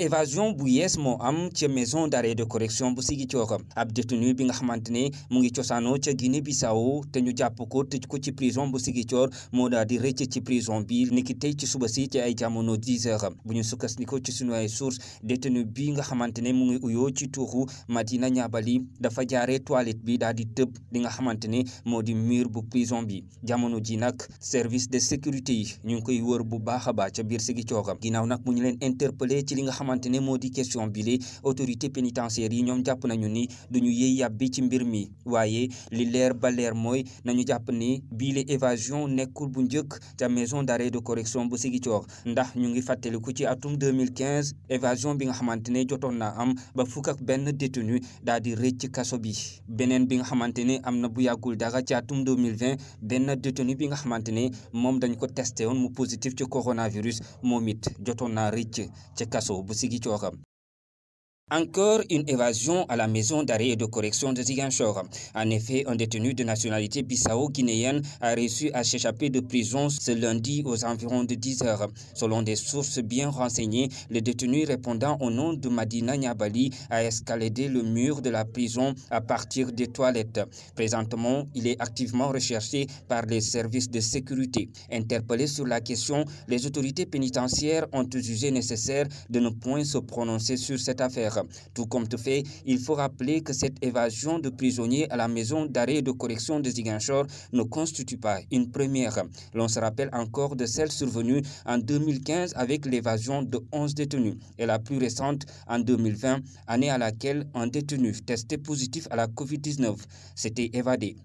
évasion bu yees moo am ca maison d'arrêt de correction bu Ziguinchor ab détenu bi nga xamante ne mu ngi cosaanoo ca Guinée Bissau te ñu jàpp ko tëj ko ci prison bu Ziguinchor moo daal di rëcc ci prison bi niki tey ci suba si ci ay jamono 10 heures bu ñu sukkandiku ci sunu ay source détenu bi nga xamante ne mu ngi uyoo ci tuuxu Madina Ñaabali dafa jaare toilette bi daal di tëb li nga xamante ne moo di mur bu prison bi jamono ji nag service de sécurité yi ñu ngi koy wër bu baax a baax ca biir Ziguinchor ginnaaw xamante modi question bi autorité pénitentiaire yi ñom japp nañu ni duñu yey yabbi ci mbir mi wayé li leer ba leer nañu japp ni la évasion nekkul bu maison d'arrêt de correction bu Ziguinchor ndax ñu ngi ku ci atum 2015 évasion bi nga xamante ne am ba fukk ak ben détenu daal di rëcc kasso bi benen bi nga xamante amna am bu yagul dara ci atum 2020 ben détenu bi nga xamante mom dañ ko testé won mu positif ci coronavirus momit it jotoon naa bu Siggi Cokkam Encore une évasion à la maison d'arrêt et de correction de Ziganchor. En effet, un détenu de nationalité bissau-guinéenne a réussi à s'échapper de prison ce lundi aux environs de 10 heures. Selon des sources bien renseignées, le détenu répondant au nom de Madina Nyabali a escaladé le mur de la prison à partir des toilettes. Présentement, il est activement recherché par les services de sécurité. Interpellé sur la question, les autorités pénitentiaires ont jugé nécessaire de ne point se prononcer sur cette affaire. Tout comme tout fait, il faut rappeler que cette évasion de prisonniers à la maison d'arrêt de correction de Ziguinchor ne constitue pas une première. L'on se rappelle encore de celle survenue en 2015 avec l'évasion de 11 détenus et la plus récente en 2020, année à laquelle un détenu testé positif à la COVID-19 s'était évadé.